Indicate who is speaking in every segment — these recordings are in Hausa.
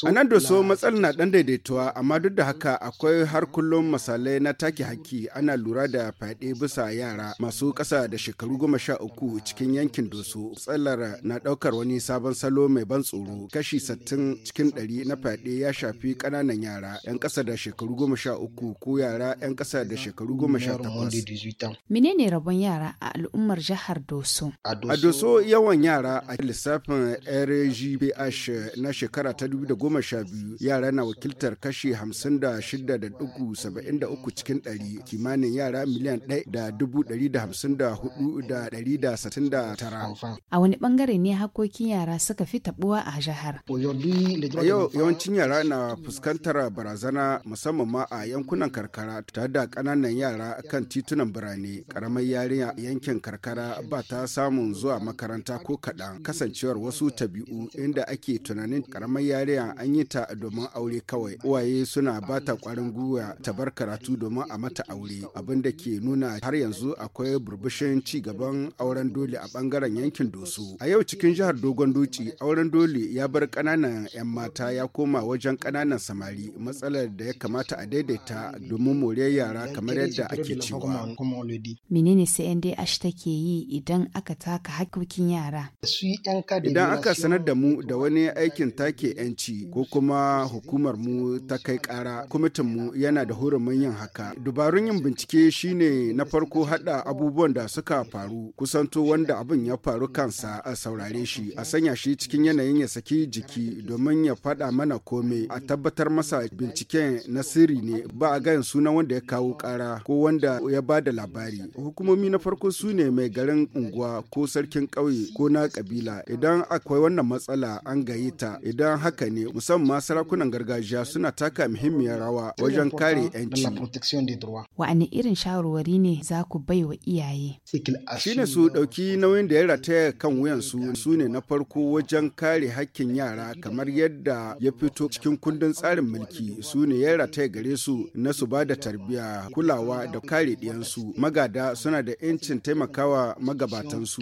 Speaker 1: A nan doso matsalar na ɗan daidaituwa amma duk da haka akwai har kullum misalai na take haƙƙi ana lura da fyaɗe bisa yara masu ƙasa da shekaru goma sha uku cikin yankin doso. Matsalar na ɗaukar wani sabon salo mai ban tsoro kashi sattin cikin ɗari na fyaɗe ya shafi ƙananan yara 'yan ƙasa da shekaru goma sha uku ko yara 'yan ƙasa da shekaru goma sha takwas.
Speaker 2: Menene rabon yara a al'ummar jihar Doso?
Speaker 1: A Doso yawan yara a lissafin RGBH na shekara ta 2012 yara na wakiltar kashi 56.73 cikin 100 kimanin yara miliyan 1,154,169.
Speaker 2: A wani bangare ne hakokin yara suka fi tabuwa a jihar? Yau
Speaker 1: yawancin yara na fuskantar barazana musamman ma a yankunan karkara tare da kananan yara kan titunan birane. Karamar yarinya yankin karkara ba ta samun zuwa makaranta ko kaɗan kasancewar wasu tabi'u inda ake tunanin karamar yariya an yi ta domin aure kawai uwaye suna ba ta kwarin gwiwa ta bar karatu domin a mata aure abin da ke nuna har yanzu akwai burbushin ci gaban auren dole a bangaren yankin doso a yau cikin jihar dogon doci auren dole ya bar kananan 'yan mata ya koma wajen kananan samari matsalar da ya kamata a daidaita domin more yara kamar yadda ake cewa
Speaker 2: menene cndh take yi idan aka taka hakkokin yara
Speaker 1: idan aka sanar da mu da wani aikin take 'yanci ko kuma hukumar mu ta kai kara kwamitin mu yana da hurumin yin haka dubarun yin bincike shine na farko hada abubuwan da suka faru kusanto wanda abin ya faru kansa a saurare shi a sanya shi cikin yanayin ya saki jiki domin ya faɗa mana kome a tabbatar masa binciken na sirri ne ba a gayan sunan wanda ya kawo ƙara ko wanda ya ba da labari hukumomi na farko su ne mai garin unguwa ko sarkin ƙauye ko na kabila idan akwai wannan matsala an gayi ta idan haka ne musamman sarakunan gargajiya suna taka muhimmiyar rawa wajen kare 'yanci.
Speaker 2: Wa'ani irin shawarwari ne za ku bai wa iyaye? Shi ne su
Speaker 1: ɗauki nauyin da ya rataya kan wuyansu su ne na farko wajen kare hakkin yara kamar yadda ya fito cikin kundin tsarin mulki su ne ya rataya gare su na su ba da tarbiyya kulawa da kare ɗiyansu magada suna da 'yancin taimakawa magabatansu.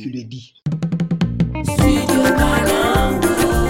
Speaker 2: Studio Malangu.